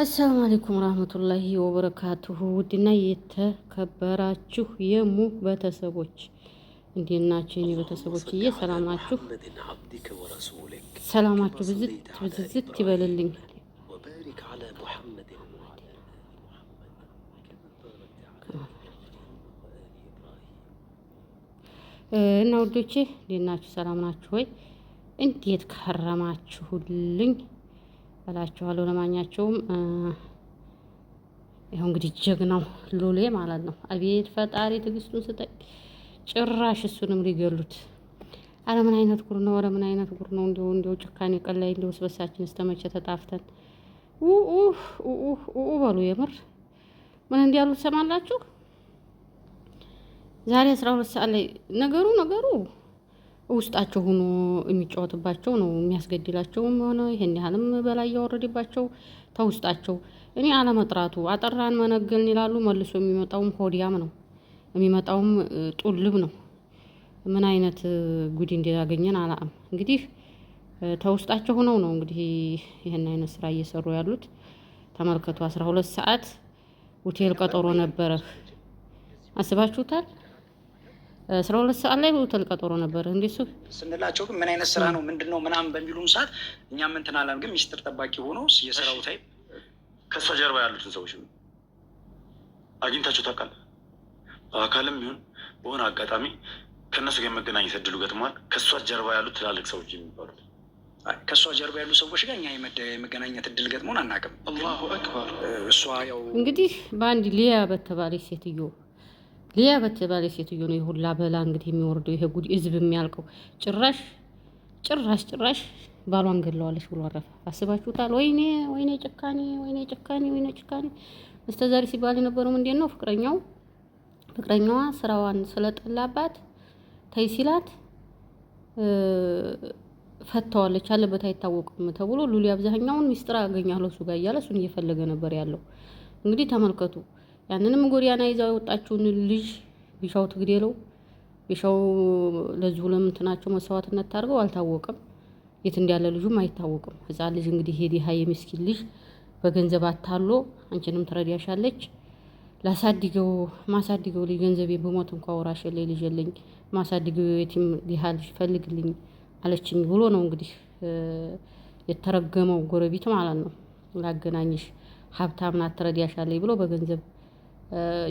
አሰላሙ አለይኩም ረህመቱላሂ ወበረካቱሁ ውድና የተከበራችሁ የሙ ቤተሰቦች እንዴት ናችሁ? የኔ ቤተሰቦችዬ ሰላም ናችሁ? ሰላማችሁ ብዝት ብዝዝት ይበልልኝ። እና ውዶቼ እንዴት ናችሁ? ሰላም ናችሁ ወይ? እንዴት ከረማችሁልኝ? እላችኋለሁ። ለማኛቸውም ይኸው እንግዲህ ጀግናው ሎሌ ማለት ነው። አቤት ፈጣሪ ትዕግስቱን ስጠኝ። ጭራሽ እሱንም ሊገሉት አረ ምን አይነት ጉር ነው! አረ ምን አይነት ጉር ነው! እንደው እንደው ጭካኔ ቀላይ እንደው ስበሳችን እስተመቸ ተጣፍተን ኡ በሉ። የምር ምን እንዲያሉ ትሰማላችሁ? ዛሬ አስራ ሁለት ሰዓት ላይ ነገሩ ነገሩ ውስጣቸው ሆኖ የሚጫወትባቸው ነው የሚያስገድላቸውም ሆነ ይሄን ያህልም በላይ እያወረደባቸው ተውስጣቸው እኔ አለመጥራቱ አጠራን መነገልን ይላሉ። መልሶ የሚመጣውም ሆዲያም ነው የሚመጣውም ጡልብ ነው። ምን አይነት ጉድ እንዲያገኘን አላቅም። እንግዲህ ተውስጣቸው ሆነው ነው እንግዲህ ይህን አይነት ስራ እየሰሩ ያሉት። ተመልከቱ አስራ ሁለት ሰዓት ሆቴል ቀጠሮ ነበረ። አስባችሁታል? አስራ ሁለት ሰዓት ላይ ሆቴል ቀጠሮ ነበር። እንዲሱ ስንላቸው ግን ምን አይነት ስራ ነው ምንድን ነው ምናምን በሚሉን ሰዓት እኛ ምንትን ግን ሚስጥር ጠባቂ ሆኖ የስራው ታይ ከእሷ ጀርባ ያሉትን ሰዎች አግኝታቸው ታውቃል? በአካልም ይሁን በሆነ አጋጣሚ ከእነሱ ጋር የመገናኘት እድሉ ገጥሟል? ከእሷ ጀርባ ያሉት ትላልቅ ሰዎች የሚባሉት ከእሷ ጀርባ ያሉ ሰዎች ጋር እኛ የመገናኘት እድል ገጥሞን አናውቅም። አላሁ አክበር። እሷ ያው እንግዲህ በአንድ ሊያ በተባለች ሴትዮ ሊያ በተባለ ሴትዮ ነው የሁላ በላ እንግዲህ የሚወርደው ይሄ ጉድ ህዝብ የሚያልቀው። ጭራሽ ጭራሽ ጭራሽ ባሏን ገለዋለች ብሎ አረፈ። አስባችሁታል? ወይኔ ወይኔ ጭካኔ ወይኔ ጭካኔ ወይኔ ጭካኔ። ዛሬ ሲባል የነበረው ምንድን ነው? ፍቅረኛው ፍቅረኛዋ ስራዋን ስለጠላባት ተይ ሲላት ፈተዋለች አለበት አይታወቅም ተብሎ ሉሊ አብዛኛውን ሚስጥር አገኛለሁ እሱ ጋር እያለ እሱን እየፈለገ ነበር ያለው። እንግዲህ ተመልከቱ። ያንንም ጎዳና ይዛ የወጣችውን ልጅ ቢሻው ትግደለው ቢሻው ለዚሁ ለምንትናቸው መስዋዕትነት ታርገው አልታወቅም። የት እንዳለ ልጁም አይታወቅም። ህፃን ልጅ እንግዲህ ሄዲ ሀይ ልጅ በገንዘብ አታሎ አንቺንም ትረዳሻለች። ላሳድገው ማሳድገው ልጅ ገንዘቤ በሞት እንኳ ወራሽ የለኝ ልጅ የለኝ ማሳድገው የቲም ዲሃ ልጅ ፈልግልኝ አለችኝ ብሎ ነው እንግዲህ የተረገመው ጎረቤት ማለት ነው። ላገናኝሽ ሀብታምና ትረዳሻለች ብሎ በገንዘብ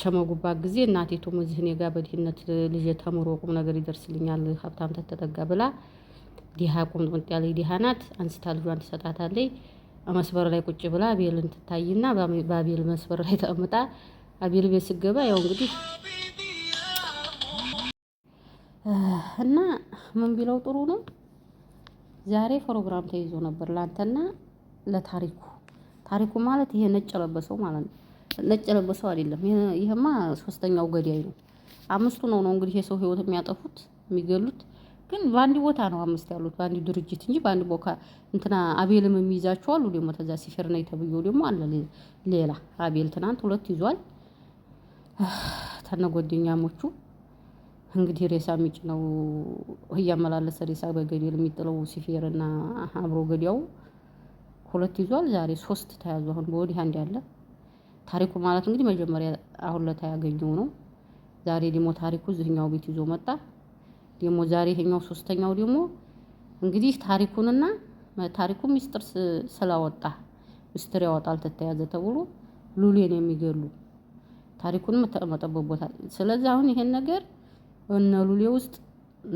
ቸመጉባት ጊዜ እናቴቱም እዚህ እኔ ጋር በድህነት ልጄ ተምሮ ቁም ነገር ይደርስልኛል ሀብታም ተተጠጋ ብላ ዲሃ ቁምጥምጥ ያለ ዲሃ ናት አንስታ ልጇን ትሰጣታለች። መስበር ላይ ቁጭ ብላ አቤልን ትታይና በአቤል መስበር ላይ ተቀምጣ አቤል ቤት ስገባ ያው እንግዲህ እና ምን ቢለው ጥሩ ነው። ዛሬ ፕሮግራም ተይዞ ነበር ላንተና ለታሪኩ። ታሪኩ ማለት ይሄ ነጭ ለበሰው ማለት ነው። ነጭ ለበሰው አይደለም። ይህማ ሶስተኛው ገዳይ ነው። አምስቱ ነው ነው እንግዲህ የሰው ህይወት የሚያጠፉት የሚገሉት ግን በአንድ ቦታ ነው አምስት ያሉት በአንድ ድርጅት እንጂ በአንድ ቦካ እንትና አቤልም የሚይዛቸው አሉ። ደግሞ ተዛ ሲፌር ነው የተብየው ደግሞ አለ ሌላ አቤል ትናንት ሁለት ይዟል ተነጓደኛሞቹ እንግዲህ ሬሳ ሚጭ ነው እያመላለሰ ሬሳ በገዴል የሚጥለው ሲፌርና አብሮ ገዲያው ሁለት ይዟል። ዛሬ ሶስት ተያዙ። አሁን በወዲህ አንድ ያለ ታሪኩ ማለት እንግዲህ መጀመሪያ አሁን ለታ ያገኘው ነው። ዛሬ ደግሞ ታሪኩ እዚህኛው ቤት ይዞ መጣ። ደግሞ ዛሬ ይሄኛው ሶስተኛው ደግሞ እንግዲህ ታሪኩንና ታሪኩ ሚስጥር ስላወጣ ሚስጥር ያወጣል ተተያዘ ተብሎ ሉሌን የሚገሉ ታሪኩን ተመጠበቦታል። ስለዚህ አሁን ይሄን ነገር እነ ሉሌ ውስጥ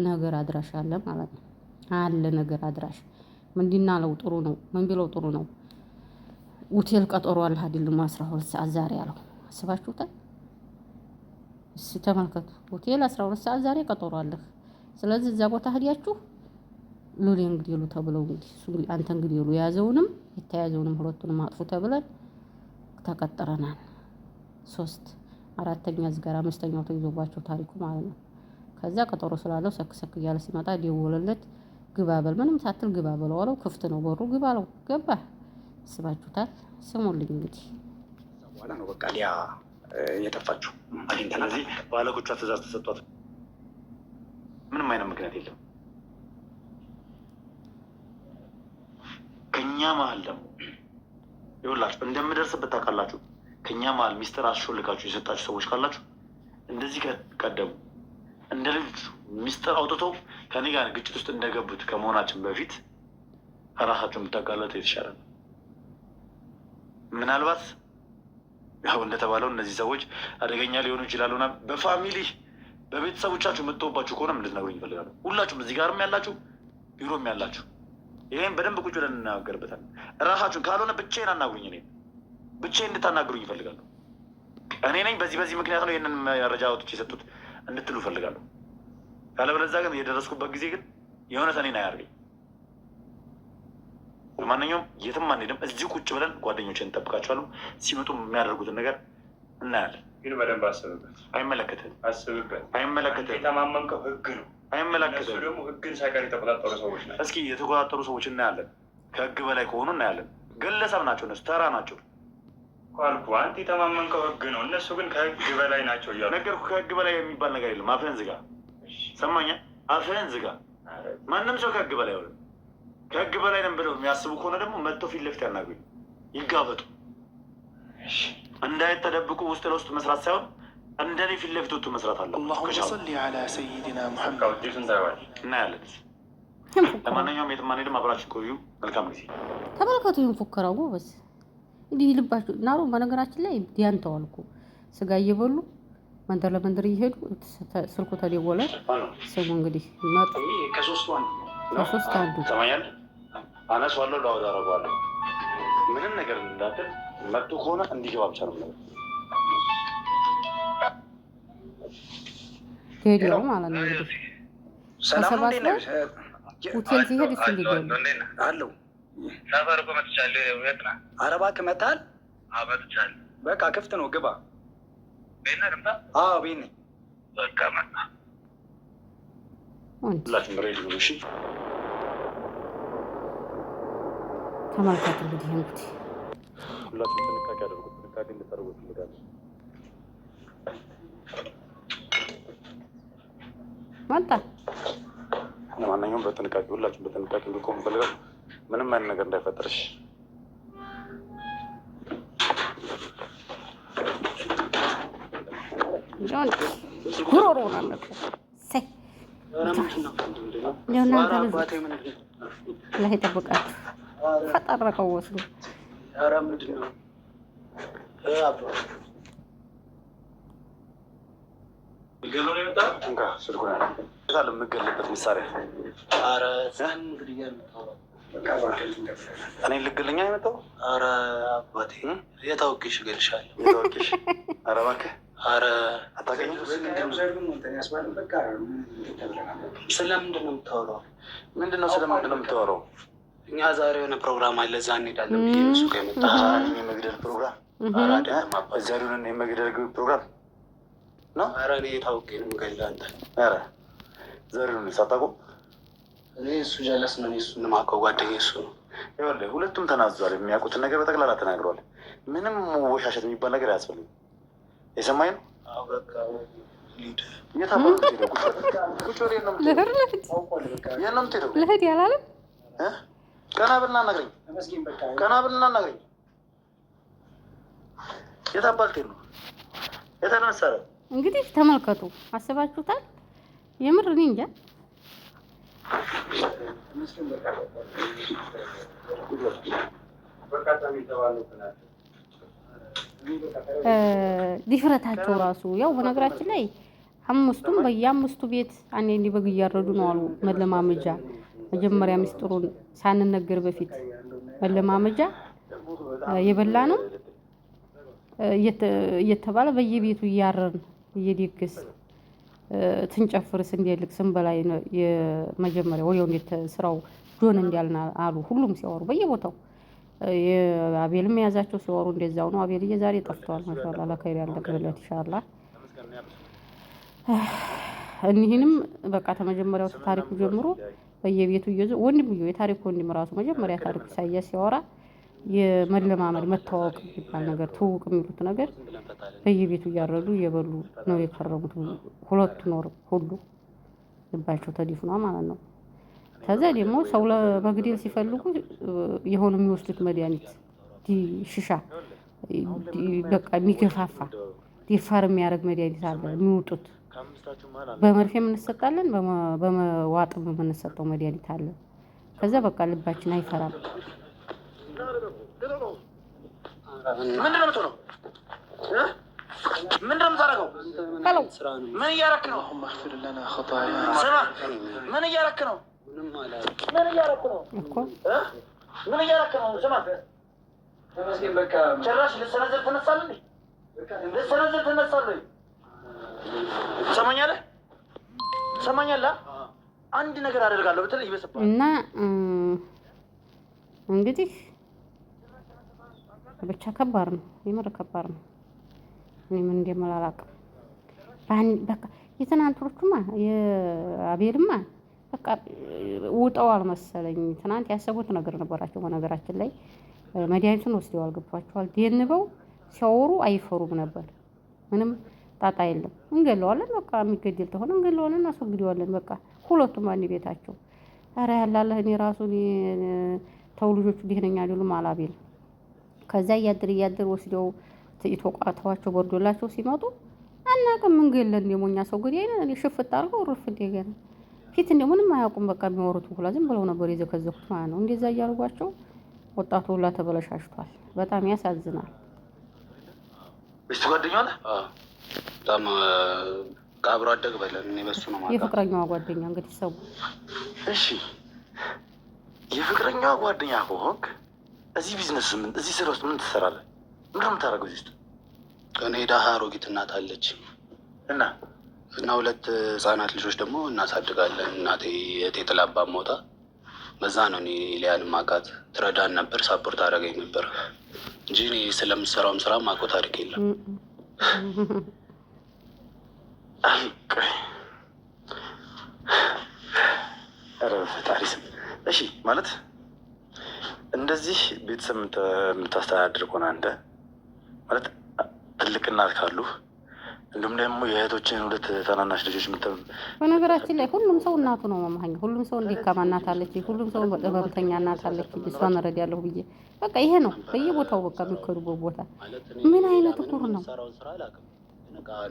ነገር አድራሽ አለ ማለት ነው። አለ ነገር አድራሽ ምንድን አለው ጥሩ ነው። ምን ቢለው ጥሩ ነው ሆቴል ቀጠሮ አለ አይደለም? አስራ ሁለት ሰዓት ዛሬ አለው። አስባችሁታል? እስቲ ተመልከቱ። ሆቴል አስራ ሁለት ሰዓት ዛሬ ቀጠሮ አለህ። ስለዚህ እዛ ቦታ ሄዳችሁ ሉሌ እንግዲህ ሉ ተብለው እንግዲህ እሱ አንተ እንግዲህ ሉ የያዘውንም የተያዘውንም ሁለቱንም አጥፉ ተብለን ተቀጥረናል። ሶስት አራተኛ እዚህ አምስተኛው ተይዞባቸው ታሪኩ ማለት ነው። ከዛ ቀጠሮ ስላለው ሰክሰክ እያለ ሲመጣ ደወለለት ግባ በል ምንም ሳትል ግባ በለው አለው። ክፍት ነው በሩ ግባ አለው። ገባ አስባችሁታል። ስሙልኝ እንግዲህ በኋላ ነው በቃ ሊያ የጠፋችሁ አግኝተናል። ስለዚህ ትእዛዝ ተሰጧት። ምንም አይነት ምክንያት የለም። ከኛ መሀል ደግሞ ይሁላችሁ እንደምደርስበት ታውቃላችሁ። ከኛ መሀል ሚስጥር አስሾልካችሁ የሰጣችሁ ሰዎች ካላችሁ እንደዚህ ቀደሙ እንደ ልጅ ሚስጥር አውጥተው ከኔ ጋር ግጭት ውስጥ እንደገቡት ከመሆናችን በፊት ራሳችሁን ብታጋለጡ የተሻለ ነው። ምናልባት ያው እንደተባለው እነዚህ ሰዎች አደገኛ ሊሆኑ ይችላሉና በፋሚሊ በቤተሰቦቻችሁ የምትወባችሁ ከሆነ እንድትነግሩኝ ይፈልጋሉ። ሁላችሁም እዚህ ጋርም ያላችሁ ቢሮም ያላችሁ ይህም በደንብ ቁጭ ብለን እናገርበታል። እራሳችሁን ካልሆነ ብቻዬን አናግሩኝ፣ እኔ ብቻዬን እንድታናግሩኝ ይፈልጋሉ። እኔ ነኝ በዚህ በዚህ ምክንያት ነው ይህንን መረጃ አውጥቼ የሰጡት እንድትሉ ይፈልጋሉ። ካለበለዚያ ግን የደረስኩበት ጊዜ ግን የእውነት እኔን አያርገኝ። ማንኛውም የትም አንሄድም። እዚሁ ቁጭ ብለን ጓደኞችን እንጠብቃቸዋለን። ሲመጡ የሚያደርጉትን ነገር እናያለን። ግን በደንብ አስብበት። አይመለከትህም። አስብበት። አይመለከትህም። የተማመንከው ህግ ነው። አይመለከትህም። ደግሞ ህግን ሳይቀር የተቆጣጠሩ ሰዎች ናቸው። እስኪ የተቆጣጠሩ ሰዎች እናያለን። ከህግ በላይ ከሆኑ እናያለን። ግለሰብ ናቸው። እነሱ ተራ ናቸው አልኩህ። አንተ የተማመንከው ህግ ነው። እነሱ ግን ከህግ በላይ ናቸው እያሉ ነገርኩ። ከህግ በላይ የሚባል ነገር የለም። አፍህን ዝጋ። ሰማኛ፣ አፍህን ዝጋ። ማንም ሰው ከህግ በላይ አይሆንም። ከህግ በላይ ነን ብለው የሚያስቡ ከሆነ ደግሞ መጥተው ፊት ለፊት ያናገኙ፣ ይጋበጡ። እንዳይተደብቁ ውስጥ ለውስጥ መስራት ሳይሆን እንደኔ ፊት ለፊት ወጥቶ መስራት አለ። እናያለን። ለማንኛውም የትም አንሄድም፣ አብራችን ቆዩ። መልካም ጊዜ። ተመልከቱ ፉከራው ጎበዝ። እንዲህ ልባቸው ናሮ። በነገራችን ላይ ዲያን ተዋልኩ ስጋ እየበሉ መንደር ለመንደር እየሄዱ ስልኩ ተደወለ። ስሙ እንግዲህ መጡ። ከሶስት አንዱ ሰማኛል። አነሷለሁ፣ ለአወድ አደርገዋለሁ። ምንም ነገር እንዳትል መጥቶ ከሆነ እንዲገባ ብቻ ነው ነገር ማለት ነው እንግዲህ ተሰባስበው ሁቴል ሲሄድ አለው። ሰፈር እኮ መጥቻለሁ። ኧረ እባክህ መጥተሃል? መጥቻለሁ። በቃ ክፍት ነው ግባ። ቤት ነህ? ግምታ ቤት ነኝ። በቃ መጣ ተመልከት እንግዲህ እንግዲህ ሁላችሁም ጥንቃቄ አድርጉት። ጥንቃቄ እንድታደርጉ እፈልጋለሁ። መጣ ለማንኛውም በጥንቃቄ ሁላችሁም በጥንቃቄ እንድቆም ፈልጋል ምንም አይነት ነገር እንዳይፈጠርሽ ጉሮሮ ሆናለሁ ለእናንተ ላይ ጠብቃችሁ ፈጠረቀው ወስዶ የምገለበት መሳሪያ እኔ ልግልኛ የመጣው አረ አባቴ የታወቅሽ እገልሻለሁ። የታወቅሽ አረ እባክህ አረ ስለምንድን ነው የምታወራው? ምንድን ነው ስለምንድን ነው የምታወራው? እኛ ዛሬ የሆነ ፕሮግራም አለ፣ እዛ እንሄዳለን ብዬ የመግደል ፕሮግራም እዛ ሆነ የመግደል ፕሮግራም ነው። ኧረ እኔ ታውቄ ነው የምገድልህ አንተ። ኧረ ዛሬ ሆነ እኔ እሱ ጀለስ ነው። እኔ እሱን ጓደኛዬ እሱ ነው። ይኸውልህ ሁለቱም ተናዟል። የሚያውቁትን ነገር በጠቅላላ ተናግረዋል። ምንም ወሻሸት የሚባል ነገር አያስፈልግም። የሰማኝ ነው። ልሂድ ያላለም ቀና ብልና ነግረኝ፣ ቀና ብልና የት አባልቴ ነው የተነሰረ። እንግዲህ ተመልከቱ፣ አስባችሁታል። የምር እኔ እንጃ በቃ ድፍረታቸው ራሱ ያው በነገራችን ላይ አምስቱም በየአምስቱ ቤት አንዴ እንዲበግ እያረዱ ነው አሉ። መለማመጃ መጀመሪያ ምስጢሩን ሳንነገር በፊት መለማመጃ የበላ ነው እየተባለ በየቤቱ እያረን ትንጨፍር ትንጨፍርስ እንዲልቅ በላይ የመጀመሪያ ወዲያው ስራው ዶን እንዲያልና አሉ። ሁሉም ሲያወሩ በየቦታው አቤልም የያዛቸው ሲወሩ እንደዛው ነው። አቤል እየዛሬ ጠፍተዋል። ማሻላ ለከይር ያለቅብለት ይሻላ። እኒህንም በቃ ተመጀመሪያው ታሪኩ ጀምሮ በየቤቱ እየዞ ወንድም እየ የታሪኩ ወንድም ራሱ መጀመሪያ ታሪኩ ኢሳያስ ሲያወራ የመለማመድ መተዋወቅ የሚባል ነገር ትውውቅ የሚሉት ነገር በየቤቱ እያረዱ እየበሉ ነው የከረሙት። ሁለቱ ኖር ሁሉ ልባቸው ተዲፍኗ ማለት ነው። ከዛ ደግሞ ሰው ለመግደል ሲፈልጉ የሆኑ የሚወስዱት መድኃኒት ሽሻ በቃ የሚገፋፋ ዲፋር የሚያደርግ መድኃኒት አለ የሚውጡት። በመርፌ የምንሰጣለን፣ በመዋጥ የምንሰጠው መድኃኒት አለ። ከዛ በቃ ልባችን አይፈራም። ምን ምን እያረክ ነው? ምን እያረክ ነው? ምን እያረኩ ነው? ምን እያደረክ ነው? ስማ ጭራሽ ልሰነዝር ትነሳለህ፣ ልሰነዝር ትነሳለህ። ትሰማኛለህ? ትሰማኛለህ? አንድ ነገር አደርጋለሁ ብትል ይበስባል እና እንግዲህ ብቻ ከባድ ነው፣ የምር ከባድ ነው። እኔም ምን እንደምላላቅም በቃ የትናንትሮቹማ የአቤልማ በቃ ውጠዋል መሰለኝ። ትናንት ያሰቡት ነገር ነበራቸው። በነገራችን ላይ መድኃኒቱን ወስደዋል፣ ገብቷቸዋል። ደንበው ሲያወሩ አይፈሩም ነበር። ምንም ጣጣ የለም። እንገለዋለን፣ በቃ የሚገደል ተሆነ እንገለዋለን፣ እናስወግደዋለን። በቃ ሁለቱም አንድ ቤታቸው። ኧረ ያላለህ እኔ ራሱ ተው ልጆቹ ደህነኛ አይደሉም አላቤል ከዛ እያድር እያድር ወስደው ተቋተዋቸው በርዶላቸው ሲመጡ አናውቅም። እንገለን ገለን የሞኛ ሰው ግዲ ነን። እኔ ሽፍት አድርገው ሩፍ እንደገና ፊት እንደው ምንም አያውቁም። በቃ የሚወሩት ሁላ ዝም ብለው ነበር የዘከዘኩት ማለት ነው። እንደዛ እያደረጓቸው ወጣቱ ሁላ ተበለሻሽቷል። በጣም ያሳዝናል። እሱ ጓደኛ በጣም አብሮ አደግ በለን እኔ በሱ ነው የፍቅረኛዋ ጓደኛ እንግዲህ ሰው እሺ፣ የፍቅረኛዋ ጓደኛ ከሆንክ እዚህ ቢዝነሱ ምን እዚህ ስራ ውስጥ ምን ትሰራለህ? ምንድን ነው የምታደርገው እዚህ ውስጥ? እኔ ዳሃ አሮጊት እናት አለች እና እና ሁለት ህጻናት ልጆች ደግሞ እናሳድጋለን። እናቴ እቴ ጥላባ ሞታ፣ በዛ ነው እኔ ሊያን ማቃት። ትረዳን ነበር፣ ሳፖርት አደረገኝ ነበር እንጂ እኔ ስለምሰራውም ስራ ማቆ ታሪክ የለም። እሺ ማለት እንደዚህ ቤተሰብ የምታስተዳድር ከሆነ አንተ ማለት ትልቅ እናት ካሉህ እንዲሁም ደግሞ የእህቶችን ሁለት ታናናሽ ልጆች ምጠም በነገራችን ላይ ሁሉም ሰው እናቱ ነው መማኝ ሁሉም ሰው እንዲካማ እናት አለች። ሁሉም ሰው ህመምተኛ እናት አለች። እሷ መረድ ያለሁ ብዬ በቃ ይሄ ነው በየቦታው በቃ የሚከዱበት ቦታ ምን አይነት ኩር ነው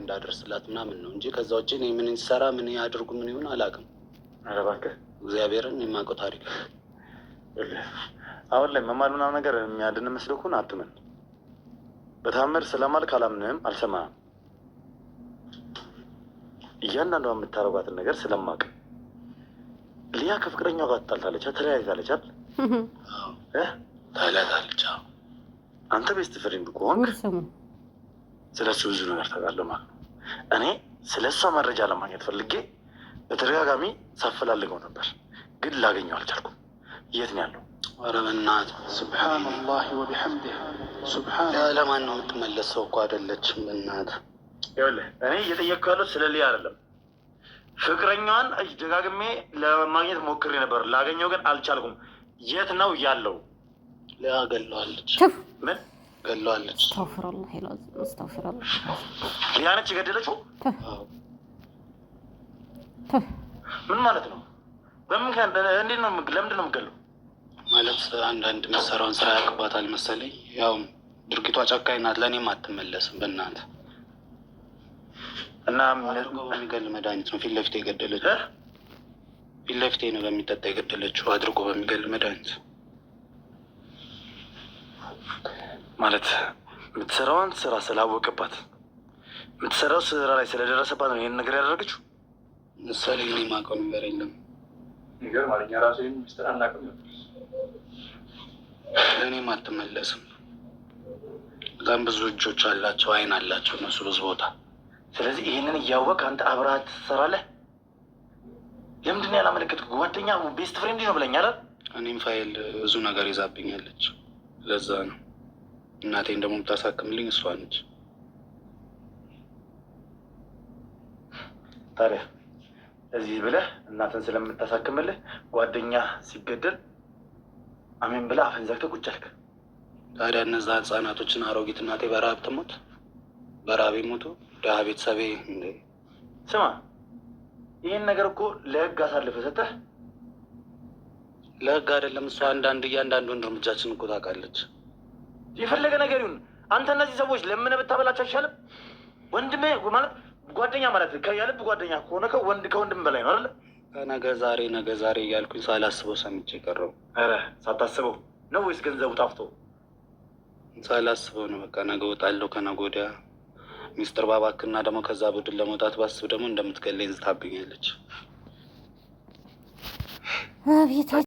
እንዳደርስላት ምናምን ነው እንጂ ከዛ ውጭ ምን ሰራ ምን ያድርጉ ምን ይሆን አላውቅም። ኧረ እባክህ እግዚአብሔርን የማውቀው ታሪክ አሁን ላይ መማል ምናምን ነገር የሚያድን መስሎኩን አትመን በታምር ስለማልክ አላምንም አልሰማም እያንዳንዷ የምታረጓትን ነገር ስለማቅ ሊያ ከፍቅረኛው ጋር ትጣልታለች፣ ተለያይታለች አይደል? ተለያይታለች። አንተ ቤስት ፍሬንድ ከሆንክ ስለ እሱ ብዙ ነገር ታውቃለህ ማለት ነው። እኔ ስለ እሷ መረጃ ለማግኘት ፈልጌ በተደጋጋሚ ሳፈላልገው ነበር፣ ግን ላገኘው አልቻልኩም። የት ነው ያለው? ኧረ በእናትህ ሱብሓነላህ ወቢሐምዲህ። ሱብሓነ ለማን ነው የምትመለሰው? እኮ አይደለችም እናትህ ይኸውልህ እኔ እየጠየቅኩ ያለው ስለ ሊያ አይደለም። ፍቅረኛዋን ደጋግሜ ለማግኘት ሞክሬ ነበር፣ ላገኘው ግን አልቻልኩም። የት ነው ያለው? ሊያ ገለዋለች። ምን ገለዋለች? ሊያ ነች የገደለችው። ምን ማለት ነው? በምን እንዴት ነው? ለምንድን ነው የምገለው? ማለት አንዳንድ መሰራውን ስራ ያቅባታል መሰለኝ። ያው ድርጊቷ ጨካኝ ናት፣ ለእኔም አትመለስም። በእናትህ እና አድርጎ በሚገል መድኃኒት ነው ፊት ለፊት የገደለችው። ፊት ለፊቴ ነው በሚጠጣ የገደለችው። አድርጎ በሚገል መድኃኒት ማለት የምትሰራዋን ስራ ስላወቀባት የምትሰራው ስራ ላይ ስለደረሰባት ነው ይህን ነገር ያደረገችው። ምሳሌ እኔ የማውቀው ነገር የለም። ለእኔም አትመለስም። በጣም ብዙ እጆች አላቸው፣ አይን አላቸው እነሱ ብዙ ቦታ ስለዚህ ይህንን እያወቅ አንተ አብራት ትሰራለህ። ለምንድን ነው ያላመለከትኩ? ጓደኛ ቤስት ፍሬንድ ነው ብለኛል። እኔም ፋይል ብዙ ነገር ይዛብኛለች። ለዛ ነው እናቴን ደግሞ የምታሳክምልኝ እሷ ነች። ታዲያ እዚህ ብለህ እናትን ስለምታሳክምልህ ጓደኛ ሲገደል አሜን ብለህ አፈን ዘግተህ ቁጭ አልክ። ታዲያ እነዛ ህፃናቶችን አሮጊት እናቴ በረሀብ ትሞት፣ በረሀብ ይሞቱ። ድሀ ቤተሰቤ። ስማ ይህን ነገር እኮ ለህግ አሳልፈ ሰጠህ። ለህግ አይደለም እሷ አንዳንድ እያንዳንዱን እርምጃችን እኮ ታውቃለች። የፈለገ ነገር ይሁን አንተ እነዚህ ሰዎች ለምን ብታበላቸው አይሻልም? ወንድሜ ማለት ጓደኛ ማለት ያልብ ጓደኛ ከሆነ ወንድ ከወንድም በላይ ነው አለ። ነገ ዛሬ ነገ ዛሬ እያልኩኝ ሳላስበው ሰምቼ ቀረው። ኧረ ሳታስበው ነው ወይስ ገንዘቡ ጣፍቶ? ሳላስበው ነው በቃ ነገ ወጣለሁ ከነገ ወዲያ ሚስጥር ባባክና ደግሞ ከዛ ቡድን ለመውጣት ባስብ ደግሞ እንደምትገለኝ ዝታብኛለች። አቤት